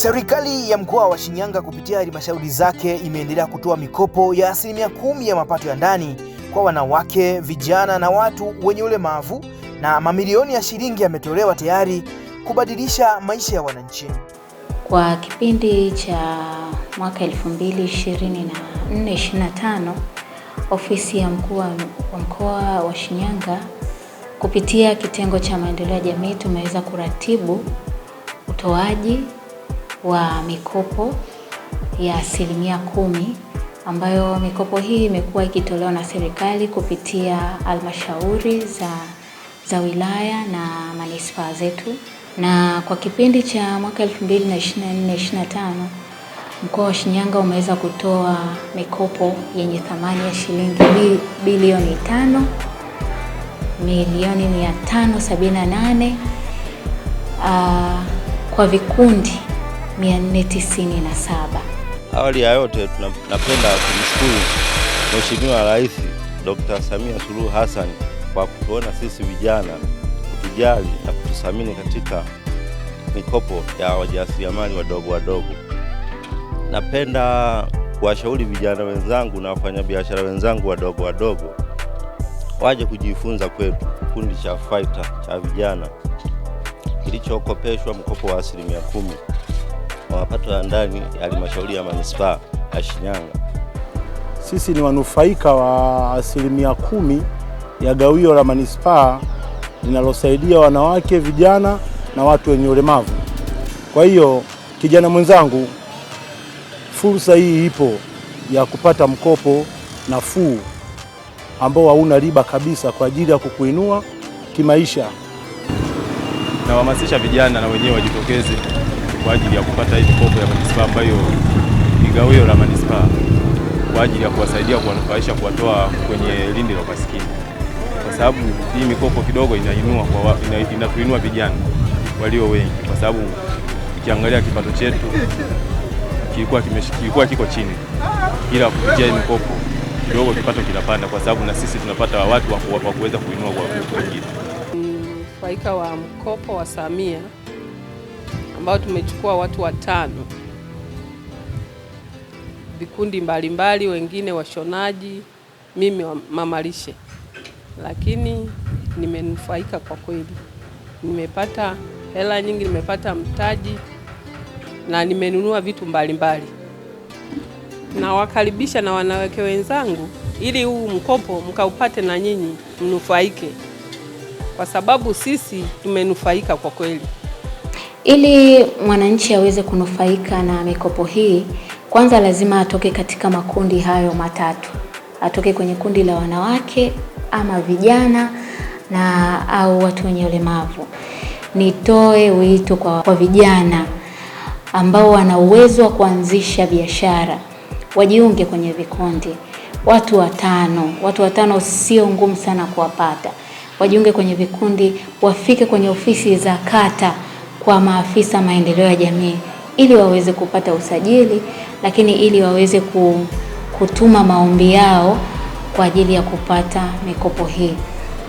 Serikali ya mkoa wa Shinyanga kupitia halmashauri zake imeendelea kutoa mikopo ya asilimia kumi ya mapato ya ndani kwa wanawake, vijana na watu wenye ulemavu na mamilioni ya shilingi yametolewa tayari kubadilisha maisha ya wananchi. Kwa kipindi cha mwaka 2024/25 ofisi ya mkuu wa mkoa wa Shinyanga kupitia kitengo cha maendeleo ya jamii tumeweza kuratibu utoaji wa mikopo ya asilimia kumi ambayo mikopo hii imekuwa ikitolewa na serikali kupitia halmashauri za, za wilaya na manispaa zetu, na kwa kipindi cha mwaka 2024-2025 mkoa wa Shinyanga umeweza kutoa mikopo yenye thamani ya shilingi bilioni 5 milioni 578 uh, ah, kwa vikundi 497. Awali ya yote tunapenda kumshukuru Mheshimiwa Rais Dr. Samia Suluhu Hassan kwa kutuona sisi vijana, kutujali na kututhamini katika mikopo ya wajasiriamali wadogo wadogo. Napenda kuwashauri vijana wenzangu na wafanyabiashara wenzangu wadogo wadogo waje kujifunza kwetu, kikundi cha faita cha vijana kilichokopeshwa mkopo wa asilimia kumi wa mapato ya ndani ya halmashauri ya manispaa ya Shinyanga. Sisi ni wanufaika wa asilimia kumi ya gawio la manispaa linalosaidia wanawake, vijana na watu wenye ulemavu. Kwa hiyo kijana mwenzangu, fursa hii ipo ya kupata mkopo nafuu ambao hauna riba kabisa kwa ajili ya kukuinua kimaisha. Nawahamasisha vijana na wenyewe wajitokeze kwa ajili ya kupata hii mikopo ya manispaa ambayo ni gawio la manispaa kwa ajili ya kuwasaidia kuwanufaisha, kuwatoa kwenye lindi la umaskini, kwa sababu hii mikopo kidogo inainua kwa ina, inatuinua vijana walio wengi, kwa sababu ukiangalia kipato chetu kilikuwa kilikuwa kiko chini, ila kupitia hii mikopo kidogo kipato kinapanda, kwa sababu na sisi tunapata watu wa kuweza kuinua kwa wengine. wa mkopo wa Samia ambao tumechukua watu watano, vikundi mbalimbali, wengine washonaji, mimi mamalishe, lakini nimenufaika kwa kweli, nimepata hela nyingi, nimepata mtaji na nimenunua vitu mbalimbali. Nawakaribisha na wanawake wenzangu ili huu mkopo mkaupate na nyinyi mnufaike, kwa sababu sisi tumenufaika kwa kweli. Ili mwananchi aweze kunufaika na mikopo hii, kwanza lazima atoke katika makundi hayo matatu, atoke kwenye kundi la wanawake ama vijana na au watu wenye ulemavu. Nitoe wito kwa, kwa vijana ambao wana uwezo wa kuanzisha biashara wajiunge kwenye vikundi, watu watano. Watu watano sio ngumu sana kuwapata. Wajiunge kwenye vikundi, wafike kwenye ofisi za kata kwa maafisa maendeleo ya jamii ili waweze kupata usajili, lakini ili waweze kutuma maombi yao kwa ajili ya kupata mikopo hii.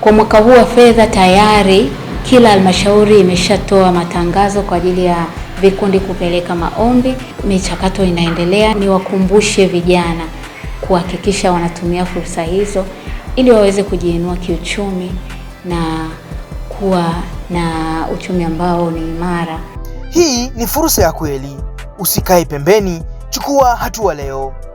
Kwa mwaka huu wa fedha tayari kila halmashauri imeshatoa matangazo kwa ajili ya vikundi kupeleka maombi. Michakato inaendelea. Niwakumbushe vijana kuhakikisha wanatumia fursa hizo ili waweze kujiinua kiuchumi na kuwa na uchumi ambao ni imara. Hii ni fursa ya kweli, usikae pembeni, chukua hatua leo.